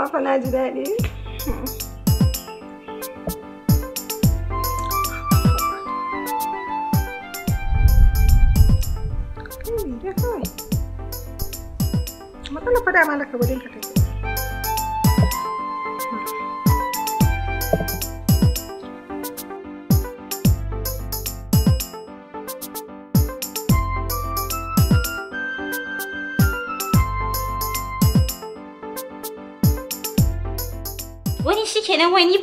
amma fa na ji daɗi. Matsala fa dama laka wajen ka tafi.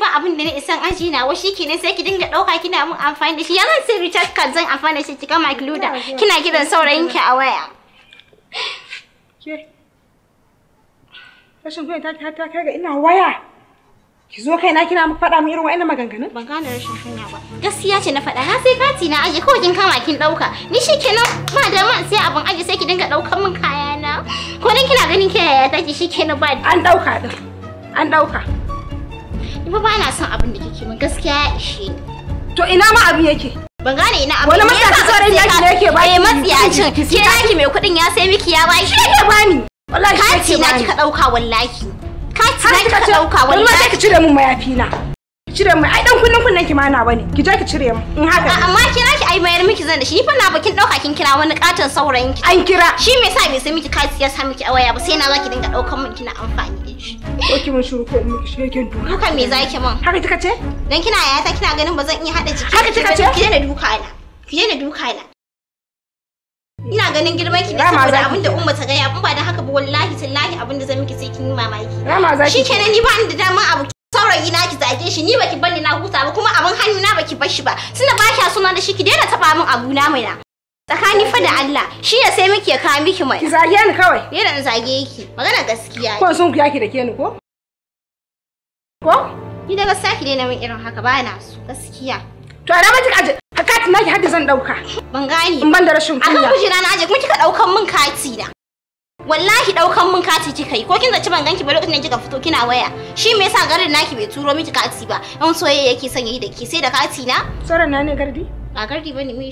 ma abin da na isan aji na wa shikenan sai ki dinga dauka kina mun amfani da shi ya sai recharge card zan amfani da shi ki gama Luda kina gidan saurayin ki a waya ke rashin kunya ta ta kai ga ina waya ki zo kaina kina mun faɗa mun irin wa'annan maganganun ban gane rashin kunya ba gaskiya ce na faɗa na sai kati na aje kawai kin kama kin ɗauka ni shikenan ba da man sai abin aje sai ki dinga daukan mun kaya na ko dan kina ganin ke yaya take shikenan ba an ɗauka din an ɗauka kuma ba na son abin da kike min gaskiya ya ishe ni. To ina ma abin yake? Ban gane ina abin. Wani matsaci tsoron yaki ne yake ba Eh matsiyacin. Ke naki mai kuɗin ya sai miki ya bai Shi yake bani. Wallahi shi yake bani. Kati na kika ɗauka wallahi. Kati na kika wallahi. Wallahi ka cire min mayafi na. cire mai ai dan kunnen kunnen ki ma na bane ki je ki cire mu in haka amma kira ki ai mayar miki zan da shi ni fa na bakin dauka kin kira wani katon saurayin ki an kira shi me yasa me sai miki kasi ya sa miki a waya ba sai na zaki dinga daukan min kina amfani shi mun shiru ko miki shegen duka haka me zaki mun haka kika ce dan kina yayata kina ganin ba zan iya hada jiki haka kika ce ki daina duka na ki daina duka na ina ganin girman ki ne saboda abin da umma ta gaya in ba dan haka ba wallahi tallahi abin da zan miki sai kin yi mamaki rama zaki shikenan ni ba ni da dama abu saurayi na ki zage shi ni baki bani na huta ba kuma abin hannu na baki bar shi ba tunda ba kya suna da shi ki daina taba min abu na mai na Tsakani fa da Allah, shi ya sai muke kawo miki mai. Ki zage ni kawai. Ni da zage yake. Magana gaskiya. Ko sun ku yaki da ke ni ko? Ko? Ni daga saki ne na min irin haka ba na so gaskiya. To a rama kika aje kati naki hadda zan dauka. Ban gane. In ban da rashin kunya. Akan kujina na aje kuma kika daukan min kati da. Wallahi daukan min kati kika yi ko kin zaci ban ganki ba lokacin da kika fito kina waya. Shi me yasa garin naki bai turo miki kati ba? Yan soyayya yake son yi da ke sai da kati na? Sauran na ne gardi? Ba gardi bane mu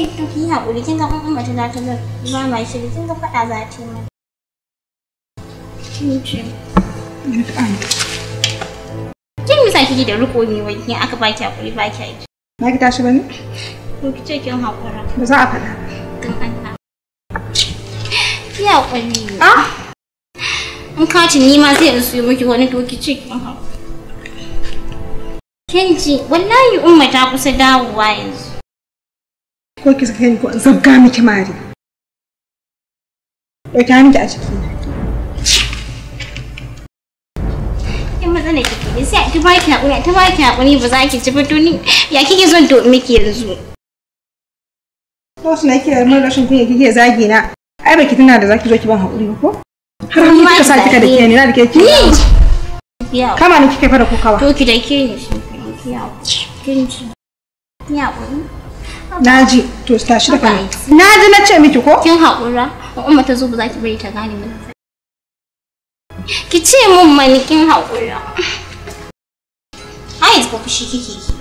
to ki haƙuri kin ga in mace za ta ba ma shi kin ga faɗa za ta yi Kin yi sa kike da riko ne wai kin aka baki haƙuri baki aiki. Na ki tashi bane? To ki ce kin haƙura. Ba za a faɗa. Dan Allah. Ki haƙuri. Ah. In ka ci ni ma sai in siyo miki wani to ki ce kin haƙura. Kin wallahi umma ta kusa dawowa yanzu. ko ki sake ni ko zabga miki mari ɗauki hannunki a ciki in matsala ki ke sai ta ba ki haƙuri ta ba ki haƙuri ba za ki ci ba ni ya kike son to miki yanzu Wasu na kiyar mun rashin kunya kike zagi na. Ai baki tana da zaki zo ki ban haƙuri ko? Har hannu kika sa kika da ke ni na da ke ki. Kama ni kike fara kokawa. To ki da ke ni shi. Ki haƙuri. Ki na ji to tashi da kai na ji na ce miki ko kin haƙura umma ta zo ba za ki bari ta gane ba ki ce mun mani kin haƙura ai ko fushi kike ki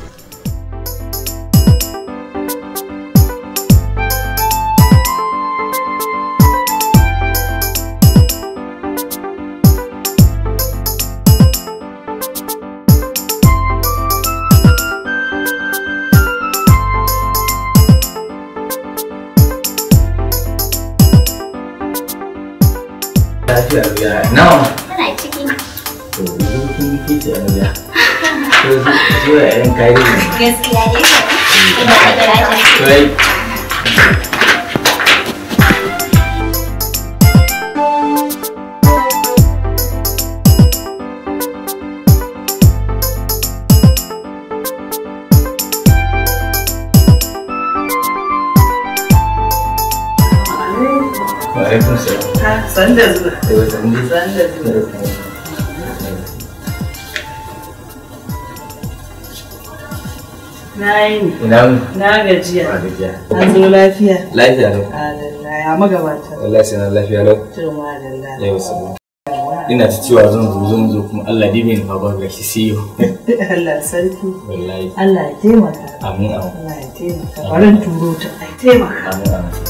Ina mu? Na gajiya. Na gajiya. An zo lafiya. Lafiya lau. Alhamdulillah ya magabata. Wallahi sai na lafiya lau. To Allah. Yau sabu. Ina ta cewa zan zo zan zo kuma Allah mai ni babar gashi sai yau. Allah sarki. Wallahi. Allah ya taimaka. Amin amin. Allah ya taimaka. Barin turo ta. Ai taimaka. Amin amin.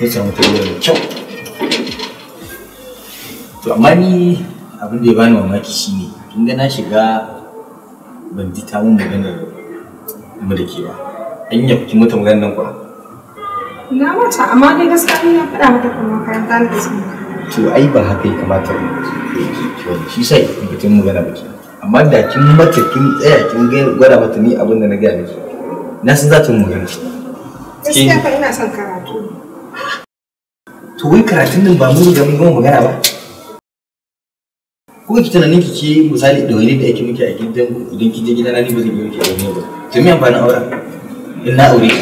ta samu tarbiyya da kyau to amma ni abin da ya bani mamaki shi ne, ga na shiga ban ji ta mun maganar mu da ke ba an yi kin mata maganar nan kuwa na mata amma dai gaskiya ni na faɗa mata kuma makaranta ne da su to ai ba haka ya kamata ba shi sai mutum magana ba kenan amma da kin mata kin tsaya kin gwada mata ni abin da na gaya miki na san za ta mu gani gaskiya fa ina son karatu to wai karatun nan ba mu da mun gama magana ba ko ki tunanin ki misali da wani da yake miki a gidan ku idan kike je gidan ni ba zan yi miki a wani ba to me amfanin auren in na aure eh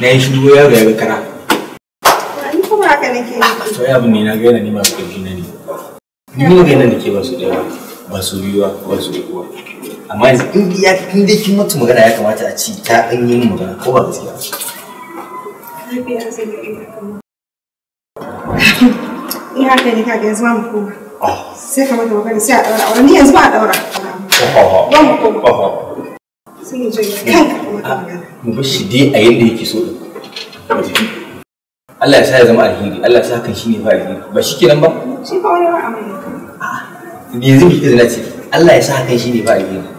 na yi shi ya ga ya ga kara ni kuma haka nake yi ah, to ya abin ne na ga yana nema ba kafi ne ni ga yana nake ba su da ba su biyuwa ba su uku amma yanzu in ya in dai kin mutu magana ya kamata a ci ta an yi magana ko ba gaskiya in haka ne kaga yanzu ba mu koma ah. sai ka mata magana sai a ɗaura auren ni yanzu ba a daura ba mu koma sai mu je kanka magana mu bar shi dai a yadda yake so din Allah ya sa ya zama alheri Allah ya sa kan shi ne fa alheri ba shi kenan ba shi fa wani ba amma yanzu me kike zina ce Allah ya sa hakan shi ne ba alheri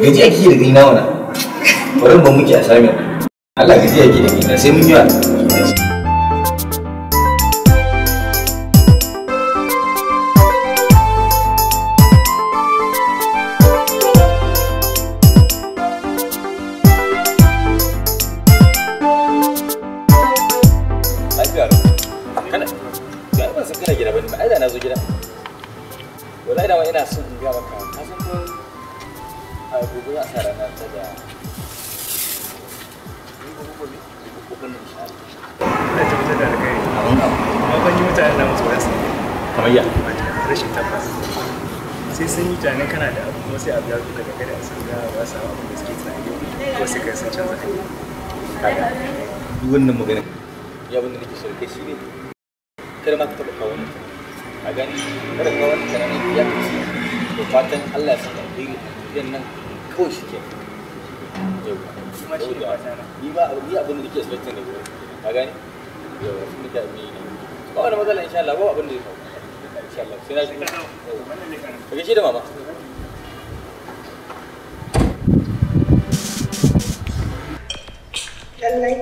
gaji yake da gina mana bari ba muke a samin Allah gaji yake da gina sai mun yi wa a gobe za ta ranar ta da kamar ya rashin tabbas sai sun yi tunanin kana da abu kuma sai abu ya zo daga gada sun ga ba sa abu da suke tunani ko sai kai sun canza kai kaga duk wannan magana ya wanda nake shirke shi ne kada ma ka taba kawo ni a gani kada kawo ni kana ne ya kace to fatan Allah ya saka alheri idan push je. Ya. Cuma cerita pasal ni. Ni buat dia pun dikit selesa ni. Agak ni. Ya, mesti dah ni. Oh, nama dah insya-Allah. Buat benda ni. Insya-Allah. Sinar. Bagi cerita mama. Dan lain.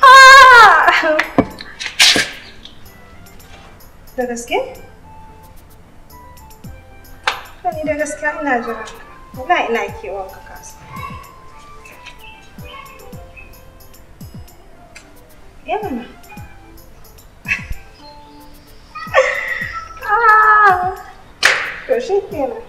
Ah. Dah To ni da gaskiya ina jira. Wallahi ina kewan ka kasa. Yamma. Ah! To shi kenan.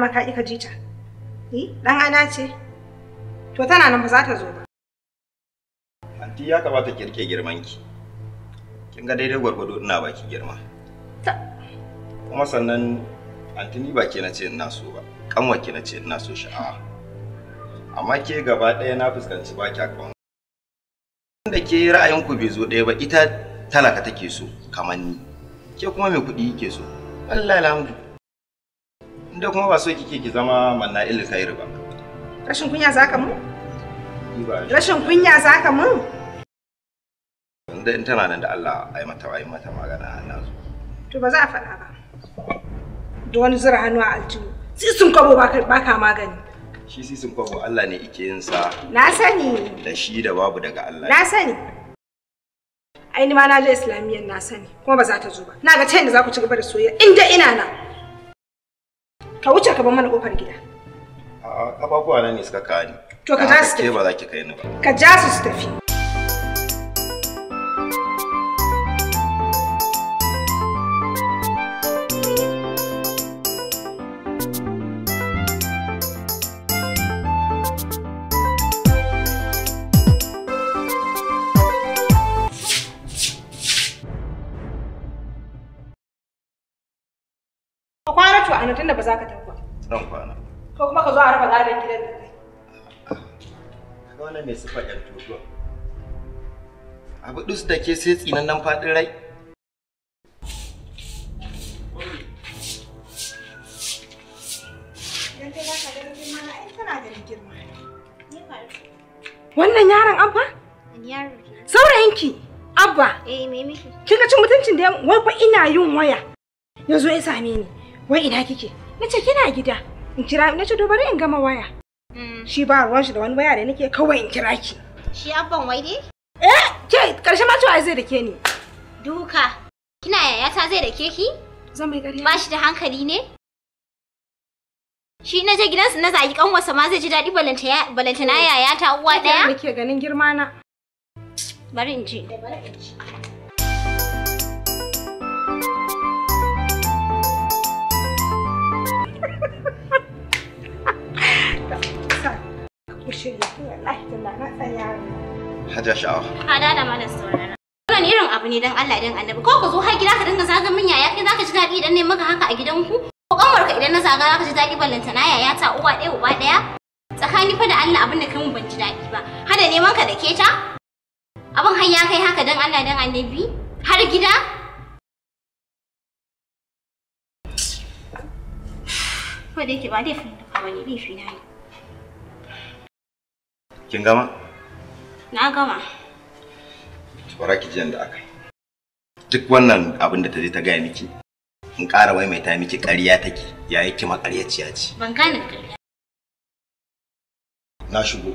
ma ka ika ji ta dan ana ce to tana nan ba za ta zo ba anti ya kamata ki rike girman ki kin ga daidai gwargwado ina baki girma kuma sannan anti ni ba ke na ce ina so ba kanwa ki na ce ina so sha'awa amma ke gaba ɗaya na fuskanci ba kya kwan Wanda ke ra'ayinku bai zo ɗaya ba ita talaka take so kamar ni ke kuma mai kuɗi ke so Allah alhamdulillah. inda kuma ba so kike ki zama manna ilil ba rashin kunya zaka mun rashin kunya zaka mun inda in tana nan da Allah ai mata ai mata magana na zo to ba za a faɗa ba da wani zura hannu a aljihu sai sun kwabo baka magani shi sai sun kwabo Allah ne ike yin sa na sani da shi da babu daga Allah na sani ai ni ma na je islamiyyar na sani kuma ba za ta zo ba na ga ta yadda za ku ci gaba da soyayya inda ina na Ka wuce ka bar mana kofar gida. A'a, kafafuwa na ne suka kawo ni. To ka ja su tafi. kai ni ba. Ka ja su su tafi. ko kuma ka zo a raba gadon gidan da kai kaga wannan mai sifa ƴan toto abu dus da ke sai tsinannen faɗin rai Wannan yaron abba? Saurayinki abba. Eh me miki? Kin ga cin mutuncin da wai fa ina yin waya. Yanzu ya same ni. Wai ina kike? Nace kina gida. in kira na ce to bari in gama waya hmm. shi ba ruwan shi da wani waya da nake kawai in kira ki shi abban wai dai eh ke karshe ma cewa zai da ke ni duka kina yayata zai da ke ki zan bai gari. ba shi da hankali ne Shi na je gidansu na zagi kanwarsa ma zai ji daɗi balanta na yaya ta uwa ɗaya? Ina nake ganin girma na. Bari in ji. Bari in ji. ku shirya na tsaya hada sha'awa hada da malam saurara wannan irin abu ne dan Allah dan annabi ko ku zo har gida ka dinga zagan min yaya kai zaka ji daɗi idan ne maka haka a gidanku ko kanwarka idan na zaga zaka ji daɗi ballanta na yaya ta uwa ɗaya uba ɗaya tsakani fa da Allah abin da kai mun ban ji daɗi ba hada neman ka da keta abin har ya kai haka dan Allah dan annabi har gida ko da yake ba laifin da kuma ne laifi na ne Kin gama? Na gama. Tsora ki jiyan da aka Duk wannan abin da ta je ta gaya miki, in ƙara maimaita miki ƙarya take, ya yi kima ƙaryaciya ce. Ban gane ƙarya. Na shigo,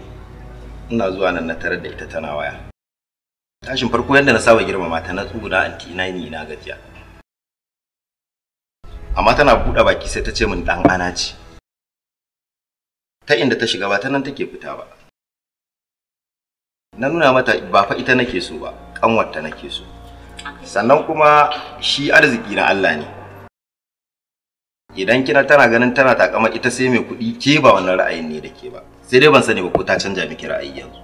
ina zuwa nan na tarar da ita tana waya. Tashin farko yadda na saba girmama ta na tsuguna anti ina ni na gajiya. Amma tana buɗe baki sai ta ce min ɗan ana ce. Ta inda ta shiga ba ta nan take fita ba. na nuna mata ba fa ita nake so ba kanwarta nake so sannan kuma shi arziki na Allah ne idan kina tana ganin tana takama ita sai mai kuɗi ke ba wannan ra'ayin ne da ke ba sai dai ban sani ba ko ta canja miki ra'ayi yanzu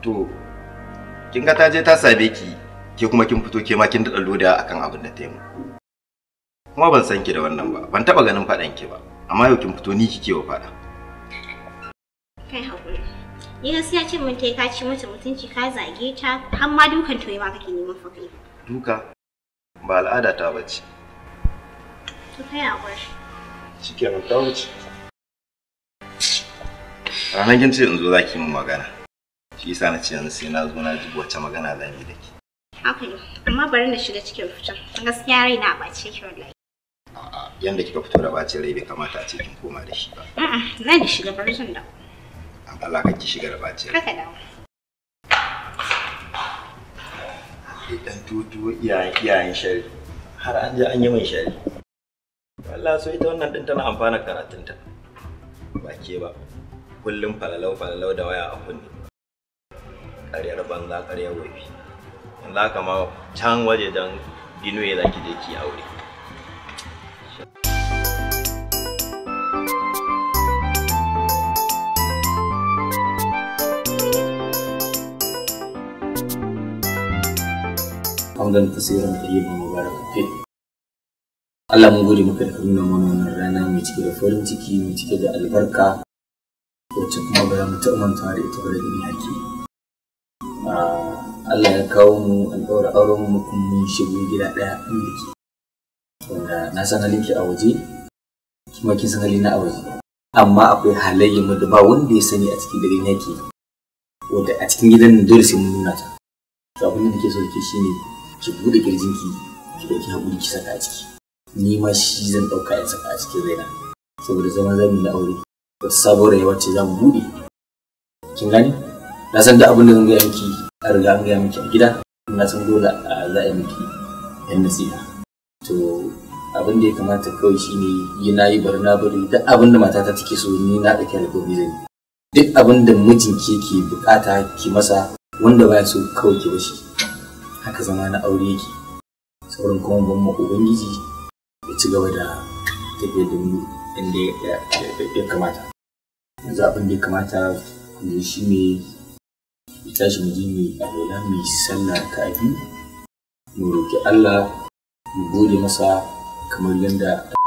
to kin ga ta je ta same ki ke kuma kin fito ke ma kin daɗa loda akan abin da ta yi kuma ban san ki da wannan ba ban taba ganin faɗan ki ba amma yau kin fito ni kike wa faɗa kai Ni gaskiya ce mun tai ka ci mata mutunci ka zage ta har ma dukan toye ma kake neman fa kai. Duka ba al'ada ta bace. To kai a gwar. mun ta wuce. Ranar kin ce yanzu za ki yi magana. Shi yasa na ce yanzu sai na zo na ji wacce magana zan yi da ke. Haka ne, amma bari na shiga cikin fitan. Gaskiya rai na ɓace ki wallahi. yanda kika fito da ɓacin rai bai kamata a ce kin koma da shi ba. A'a, zan shiga bari zan dawo. Allah kake shiga da Haka da. Idan tutu iyayen shari har an je an yi mai shari. Allah so ita wannan din tana amfana karatunta. Ba ke ba. Kullum falalau falalau da waya a kunne. Ƙaryar banza ƙaryar wafi. Yanzu haka ma can waje don binuwe za ki je ki aure. hamdan kasiran tayyiban gara fi Allah mun gode maka da ka nuna mana wannan rana mai cike da farin ciki mai cike da albarka wacce kuma ba mu taɓa mantawa da ita ba da ni haƙi ah, Allah ya kawo mu alƙawarin auren mu kuma mun shigo gida ɗaya inda ke wanda na san halin a waje kuma kin san halina a waje amma akwai halayyar mu da ba wanda ya sani a cikin dare yake wanda a cikin gidan nan dole sai mun nuna ta to abin da nake so da ke shine ki bude kirjin ki ki dauki hakuri ki saka a ciki ni ma shi zan dauka in saka a cikin raina saboda zaman mu yi aure da sabuwar rayuwa ce mu bude kin gani na san da abin da zan gaya miki a riga an gaya miki a gida na san dole za a yi miki yan nasiha to abin da ya kamata kawai shine yi na yi barna na bari duk abin da matata take so ni na ɗauki alƙawari zan yi duk abin da mijinki ke bukata ki masa wanda baya so kawai ki bashi ka zama na aure yake saurin kuma ban ma ubangiji ya ci gaba da tafiya da mu inda ya kamata yanzu abin da ya kamata ne shi ne ya tashi mu jini mu alwala mu sallah ka mu roki Allah mu gode masa kamar yadda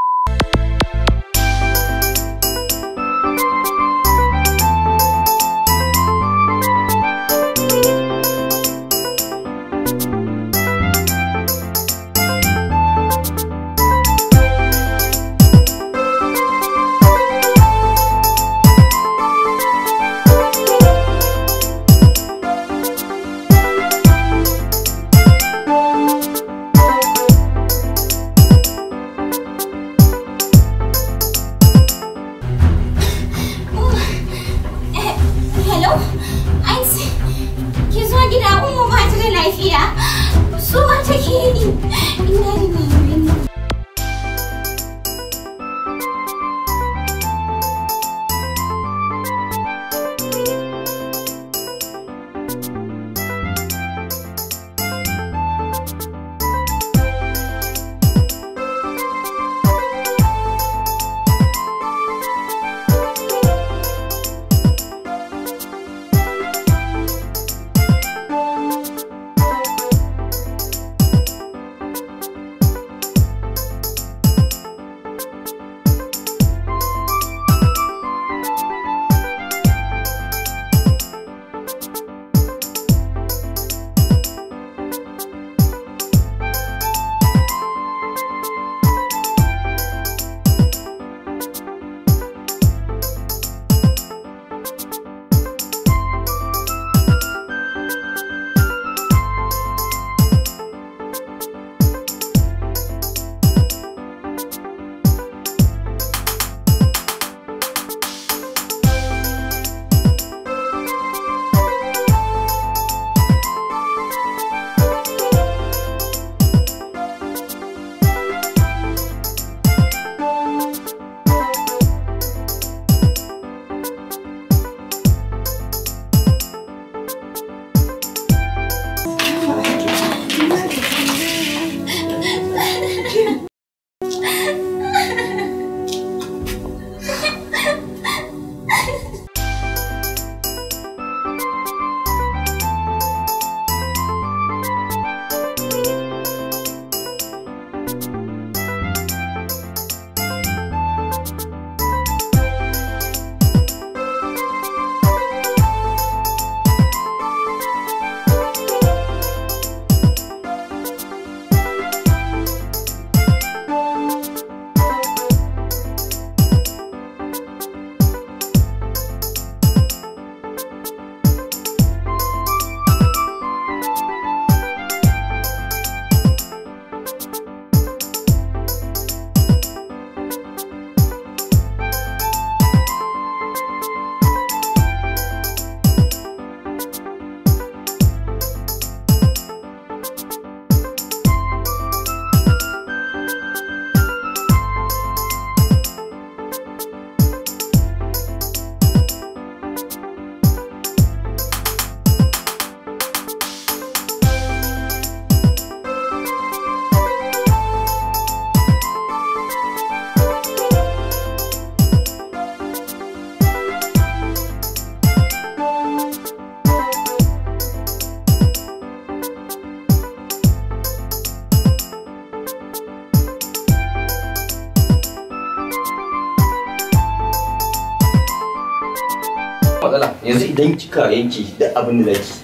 kika yanki da abin da zaki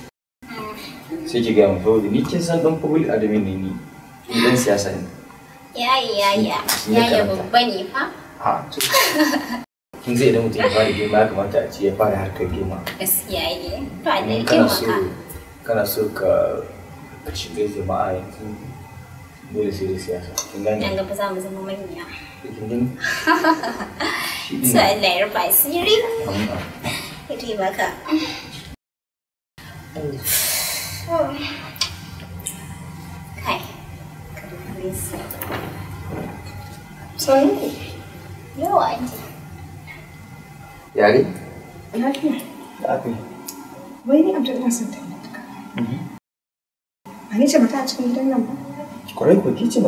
sai ki gaya mu saboda ni kin san dan public adamin ne ni ni dan siyasa ne ya yayi yayi babba ne fa ha to kin zai da mutum ya fara girma ya kamata a ce ya fara harkar girma gaskiya ne to da girma ka kana so ka shiga jama'a yanzu dole sai da siyasa kin gane yanga ba za mu zama manya kin gane sai Allah ya rufa asiri Kudi maka. Kai, ka ku? Yare? Lafiya. Lafiya. Wai ni mm-hmm. Ba ni ce mata a cikin gidan nan ba. Kwarai ko kice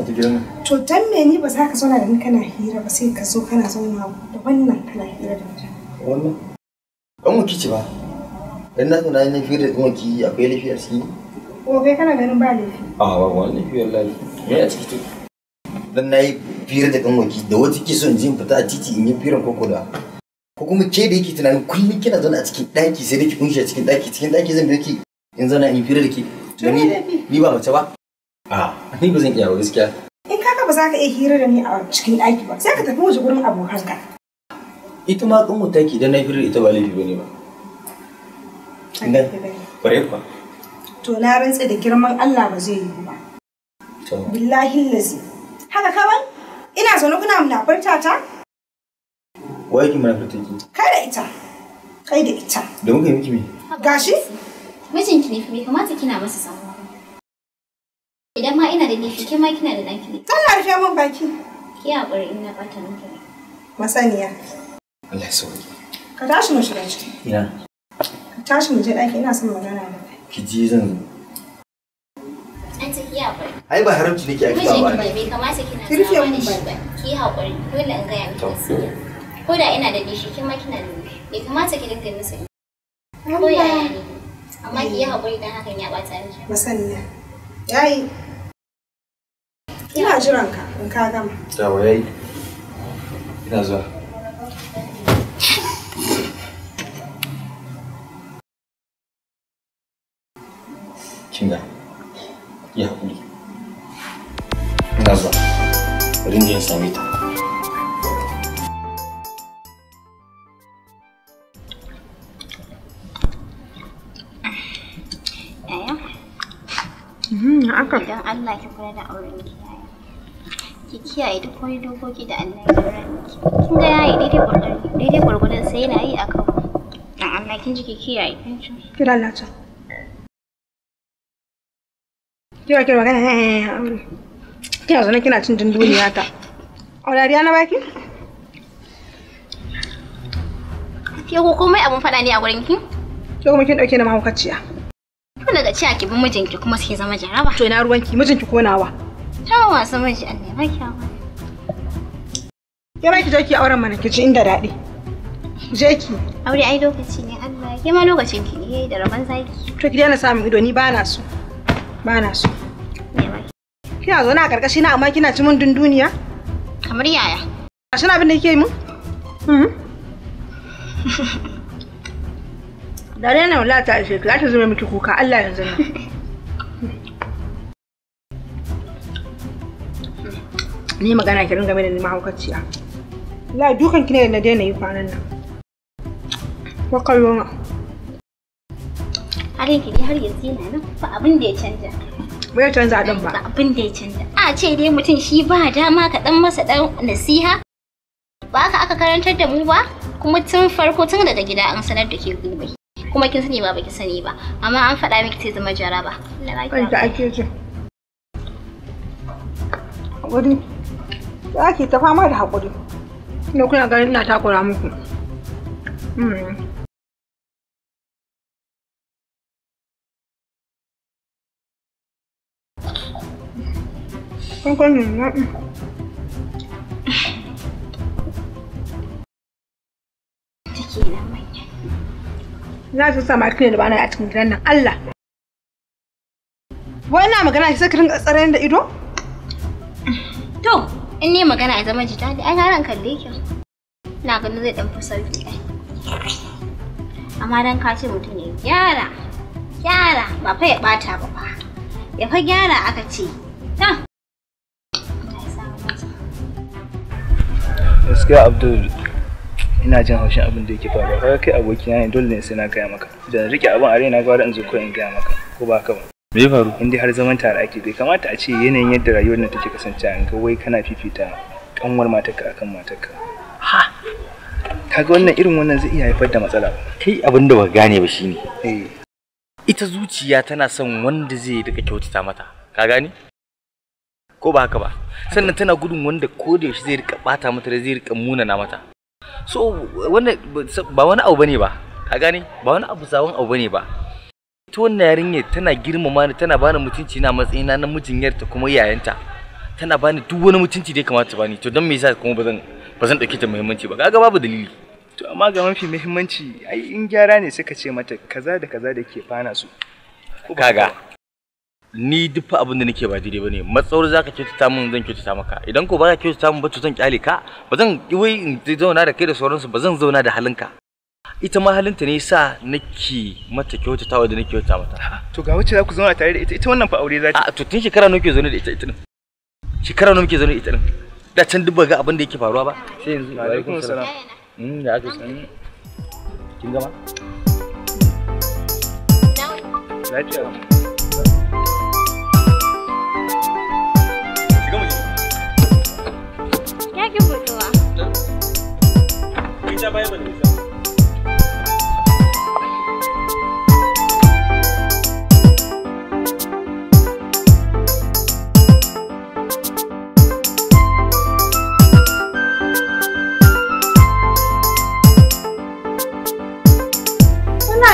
To ni ba ka zauna da ni kana hira ba sai ka zo kana zauna da wannan kana hira da mutum. Ɗan wuki ce ba. Dan na tuna ne fiye da ɗan wuki akwai a ciki. Ko kai kana ganin ba laifi. A ba wani laifi wallahi. Me a ciki to? Dan na yi fiye da ɗan wuki da wata ki son jin fita a titi in yi firan koko da. Ko kuma ke da yake tunanin kullum kina zaune a cikin ɗaki sai da ki kunshi a cikin ɗaki cikin ɗaki zan biyo ki in zauna in fiye da ki. Ni ni ba mace ba. A ni ba zan iya ba gaskiya. In eh, kaka ba za ka iya hira da ni a cikin ɗaki ba sai ka tafi waje gurin abokanka. itu mah kan mutaki idan na firar ita ba laifi bane ba nan kware kuwa to na rantsa da girman Allah ba zai yi ba billahi lazi haka kawan ina zaune kuna munafarta ta wai ki munafarta ki kai da ita kai da ita da muka yi miki me gashi mijinki ne bai kamata kina masa samuwa idan ma ina da laifi ke kina da danki ne tana rufe min baki ki haƙuri in na ɓata miki masaniya Allah ya sauki. Ka tashi mu shiga ciki. Ina. Ka tashi mu je ɗaki ina son magana da kai. Ki ji zan zo. Ai ba haramci nake aiki ba ba. Mijinki bai kamata kina tsawa da mu ba. Ki haƙuri dole in gaya miki Ko da ina da dishi kin ma kina da bai kamata ki dinga nisa. Ko ya ne. Amma ki yi haƙuri dan hakan ya ɓata miki. Masaniya. Yayi. Ina jiran ka in ka gama. Yawa yayi. Ina zuwa. kinga ya hakuri ina zuwa in same mm-hmm, Idan Allah ki kula da auren ki ki kiyaye duk wani dokoki da Allah ya kula miki. Kin ga yayi daidai gwargwadon daidai gwargwadon sai yana yi akan dan Allah kin ji ki kiyaye kin ji. Kira Allah ta. kina kina magana eh, eh, eh, um. kina zaune kina cin dunduniya ta A aurariya na baki ke ko komai abun faɗa ne a gurin ki ke kuma kin dauke na mahaukaciya kun daga ciya ki bin mijinki kuma sai zama jaraba to ina ruwanki mijinki ko nawa tawa wasu miji Allah ba ki hawa ke ma ki je ki auren mana ki ji inda daɗi je ki aure ai lokaci ne Allah ke ma lokacin ki ne da rabon zaki to ki daina samun ido ni ba na so ba na so Kina zaune a karkashi na amma kina ci mun dunduniya? Kamar yaya? Kashin abin da yake yi mun? Hmm? Da rena wala ta ishe za ta zama miki kuka Allah yanzu nan. Ni magana ki ringa mini haukaciya. La dukan ki ne na daina yi kwanan nan. Wakalona. Har yanzu har yanzu yana nan ba abin da ya canja. bai canza din ba abin da ya canza a ce dai mutum shi ba dama ka dan masa dan nasiha ba ka aka karantar da mu ba kuma tun farko tun daga gida an sanar da ke gobe kuma kin sani ba baki sani ba amma an faɗa miki sai zama jaraba kanta ake ji hakuri za ke ta fama da hakuri ne kuna ganin na takura muku hmm. Za su sa makin da bana a cikin gidan nan Allah. Wai na magana ki sai rinka tsarayen da ido? To, in ne magana a zaman jita da ai ran kalle ki. Ina ganin zai dan fi sauki Amma dan ka ce mutum ne gyara. Gyara ba fa ya bata ba fa. Ya fa gyara aka ce. Ta. gaskiya abdul ina jin haushin abin da yake faruwa kaga kai abokina ne dole ne sai na gaya maka da rike abin a raina gwara in zo ko in gaya maka ko ba ka ba me ya faru in dai har zaman tare ake bai kamata a ce yanayin yadda rayuwar nan take kasancewa in ga wai kana fifita kanwar matarka akan matarka ha kaga wannan irin wannan zai iya haifar da matsala kai abin da ba gane ba shine eh. ita zuciya tana son wanda zai rika kyautata mata ka gane ko ba haka ba sannan tana gudun wanda ko da yaushe zai rika bata mata zai rika munana mata so wannan ba wani abu bane ba a gane ba wani abu sabon abu bane ba ita wannan yarinyar tana girmama ni tana bani mutunci na matsayina na mijinyarta kuma yayanta tana bani duk wani mutunci da ya kamata bani to don me yasa kuma bazan bazan dauke ta muhimmanci ba kaga babu dalili to amma ga mafi muhimmanci ai in gyara ne suka ce mata kaza da kaza da ke fana su kaga ni duk abin da nake ba daidai bane matsawar zaka kyautata min zan kyautata maka idan ko ba ka kyautata min ba to zan kyale ka ba zan wai in zauna da kai da sauransu ba zan zauna da halinka ita ma halinta ne yasa nake mata kyautatawa da nake kyautata mata to ga wacce za ku zauna tare da ita ita wannan fa aure za ta a to tun shekara nawa kike zaune da ita ita din shekara nawa muke zaune da ita din da can duk ba ga abin da yake faruwa ba sai yanzu alaikum salam mm da aka san kin gama lafiya sake buɗewa. Ita bai mana nisa.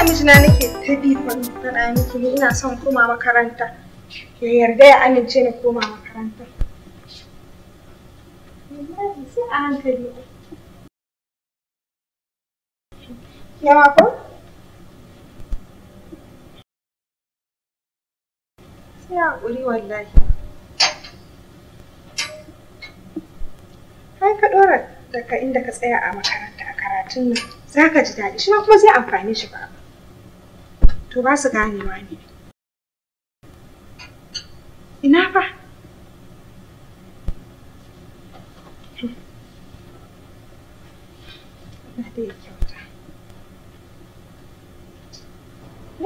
mijina nake ta faɗa miki ina son koma makaranta ya yarda ya amince ni koma makaranta sai a yawa ko wallahi kai ka ɗora daga inda ka tsaya a makaranta a karatun nan za ka ji daɗi shi ma kuma zai amfani shi ba to ba su ganewa ne ina fa na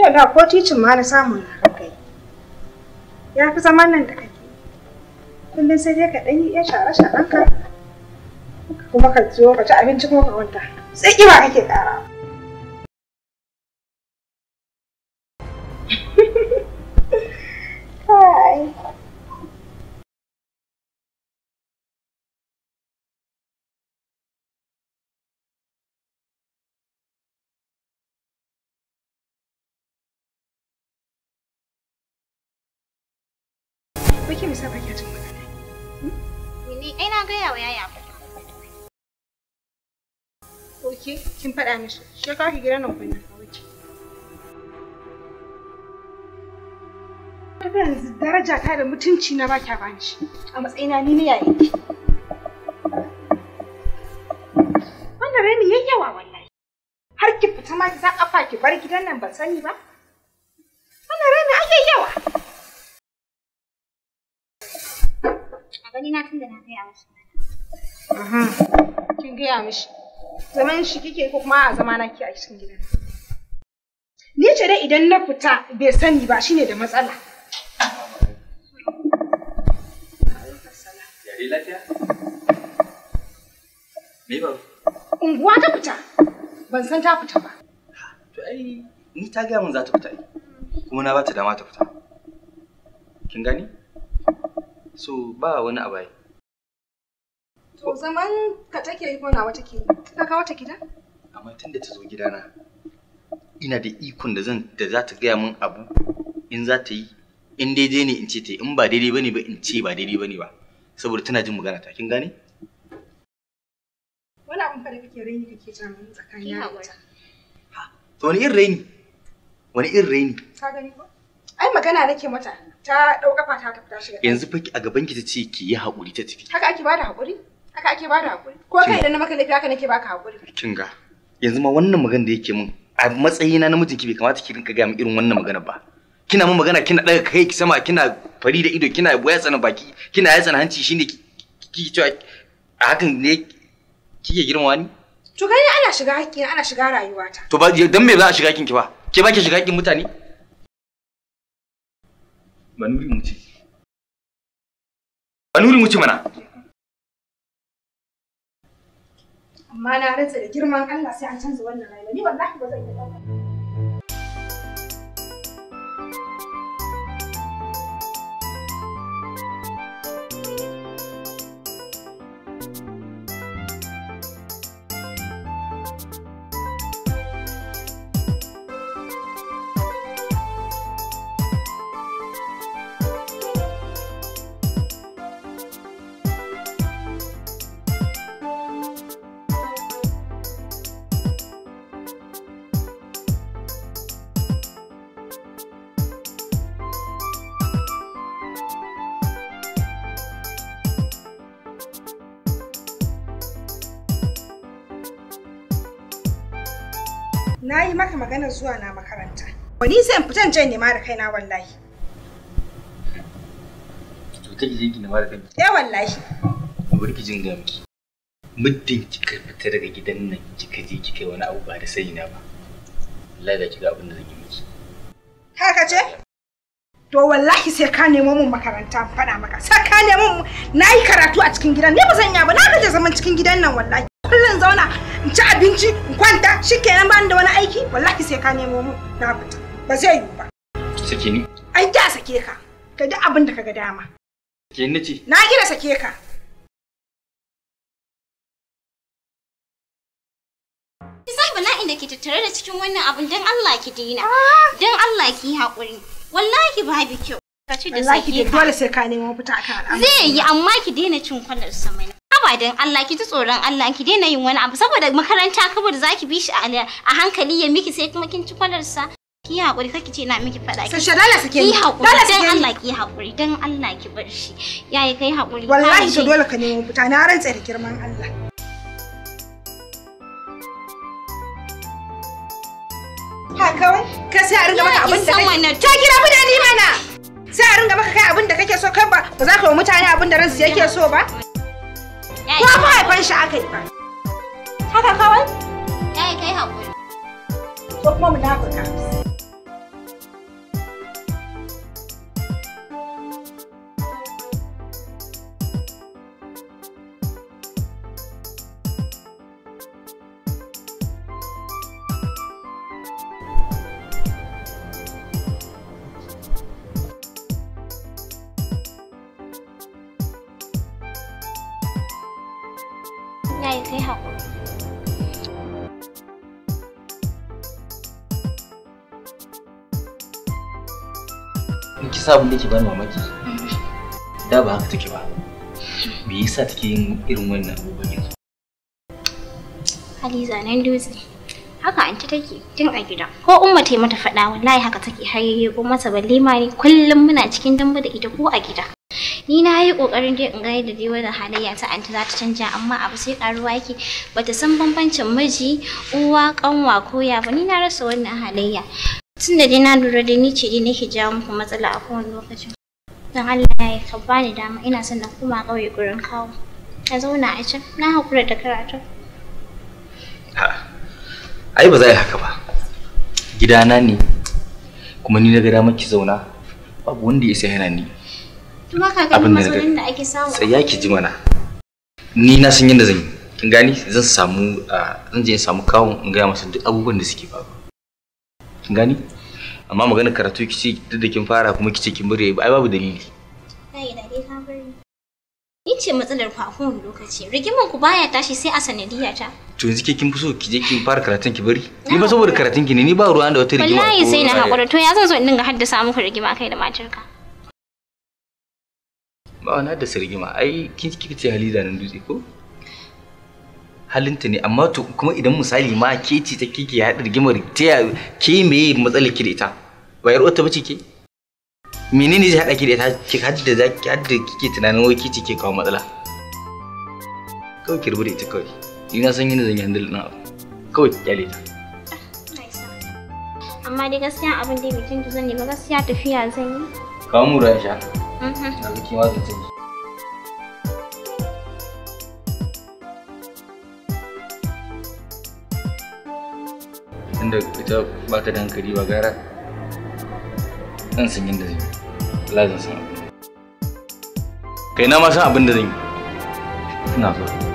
yau da ko titin ma na samu na kai ya fi zaman nan da kake kullum sai dai ka ɗanyi ya share sharen kuma ka ciwo ka ci abinci kuma ka wanta sai ƙiba kake ƙara Wai ke me sa ba ki jin magana? Ni ai na gaya wa yaya ba. Oke, kin faɗa mishi. Shi ka ki gidan nan kun yanzu daraja ta da mutunci na ba kya bani a matsayina ni ne yayin ki. Wannan raini yayyawa wallahi. Har ki fita ma ki sa kafa ki bar gidan nan ban sani ba. Wannan raini ai yawa. a gani na tunda na gaya mishi kin gaya mishi zaman shi kike ko kuma a zama na ke a cikin gidan ni ce dai idan na fita bai sani ba shine da matsala Unguwa ta fita. Ban san ta fita ba. To ai ni ta gaya min za ta fita. Kuma na ba ta dama ta fita. Kin gani? so ba wani abai to zaman ka take yi ko nawa take ka kawo ta gida amma tunda ta zo gidana ina da ikon da zan da za ta gaya min abu in za ta yi in daidai ne in ce ta in ba daidai bane ba in ce ba daidai bane ba saboda tana jin magana ta kin gane wani abin fa da kake raini da ke jami'in tsakanin ya ha to wani irin raini wani irin raini ka gani ko ai magana nake mata ta dau kafa ta ta shiga yanzu fa a gaban ki ta ce ki yi hakuri ta tafi haka ake bada hakuri haka ake bada hakuri ko kai idan na maka laifi haka nake baka hakuri kin ga yanzu ma wannan magana da yake min a matsayina na mijinki bai kamata ki rinka ga mu irin wannan magana ba kina mun magana kina daga kai ki sama kina fari da ido kina yatsa tsana baki kina yatsana hanci shine ki cewa a hakan ne kike girma ni to kai ana shiga hakki ana shiga rayuwata to ba dan me za a shiga hakkin ki ba ke ba ki shiga hakkin mutane manuri mu ce manuri mu ce mana amma na rantsa da girman Allah sai an canza wannan rayuwa ni wallahi ba zan yi ba maganar zuwa na makaranta. Wani sai in fitan jan nema da kaina wallahi. To take zai ki nema da kaina. Eh wallahi. Bari ki jin ga miki. Muddin kika fita daga gidan nan kika je kika yi wani abu ba da sani na ba. Wallahi da kiga abin da zan yi miki. Haka ce? To wallahi sai ka nemo mun makaranta faɗa maka. Sai ka nemo na yi karatu a cikin gidan. Ni ba zan yi ba na gaje zaman cikin gidan nan wallahi. Kullum zauna abinci in kwanta shikenan bani da wani aiki wallahi sai ka nemo mu na fita ba zai yiwu ba sake ni ai da sake ka ka ji abin da kaga dama ke ni ce na gina sake ka Sai bana inda ke tattare da cikin wannan abin don Allah ki dina, ah! don Allah ki haƙuri, wallahi babu kyau. Ka ci da sake ka. Wallahi dole sai ka nemo fita kan al'amari. Zai yi amma ki daina cin kwalar samani. saba don Allah ki ji tsoron Allah ki daina yin wani abu saboda makaranta kabur za zaki bi shi a hankali ya miki sai kuma kin ci kwalarsa. ki yi haƙuri kake ce na miki faɗa ki sai dole sake ki haƙuri dan Allah ki haƙuri dan Allah ki bar shi yayi kai haƙuri wallahi to dole ka nemo fita na rantsa da girman Allah ha kawai ka sai a ringa maka abin da kake ta gida mutane mana sai a ringa maka kai abin da kake so kai ba ba za ka yi mutane abin da ransu yake so ba Ba fa haifar shi aka yi ba. Haka kawai? yi kai haƙuri. Ko kuma mu dafa ka. sai haƙuri ki sa abin da ke bani mamaki mm-hmm. da ba haka take ba me yasa take yin irin wannan abubuwan yanzu hali zanen dutse haka anci take tun a gida ko umma ta mata faɗa wallahi haka take hayayye ko mata balle ma ni kullum muna cikin dambe da ita ko a gida ni na yi kokarin dai in ga yadda dai wannan halayya ta anti za ta canja amma abu sai karuwa yake bata san bambancin miji uwa kanwa ko ya ba ni na rasa wannan halayya da dai na lura da ni ce dai nake jawo muku matsala a kowane lokacin Dan Allah ya yi ka da dama ina son na koma ƙauye gurin kawo Ka zauna a can na haƙura da karatu ai ba za a yi haka ba gidana ne kuma ni na ga damar ki zauna babu wanda ya sai yana ni kuma ka ganin matsalolin da ake samu tsaya ki ji mana ni na san yadda zan yi kin gani zan samu zan je in samu kawun in gaya masa duk abubuwan da suke faru kin gani amma magana karatu kici duk da kin fara kuma kice kin mure ai babu dalili kai da dai ka bari ni ce matsalar ku a kowane lokaci rigiman ku baya tashi sai a sanadiyya ta to yanzu ke kin fi so ki je kin fara karatun ki bari ni ba saboda karatun ki ne ni ba ruwan da wata rigima wallahi sai na hakura to ya zan zo in dinga haddasa muku rigima kai da matarka ma'ana da sirgima ai kin kika ce halida nan dutse ko halinta ne amma to kuma idan misali ma ke ce ta kike ya dirgimar ta ta ke me matsalar ki da ita ba yar uwarta bace ke menene zai hada ki da ita ki hadda za ki hadda kike tunanin wai kici ke kawo matsala kawai ki rubuta ita kawai ni na san yadda zan yi handle ɗin abu kawai ki kyale ta amma dai gaskiya abin da mutum zan ne ba gaskiya tafiya zan yi kawo mu ruwan sha na ga da hankali ba gara zan kai na ma san abin da zan yi so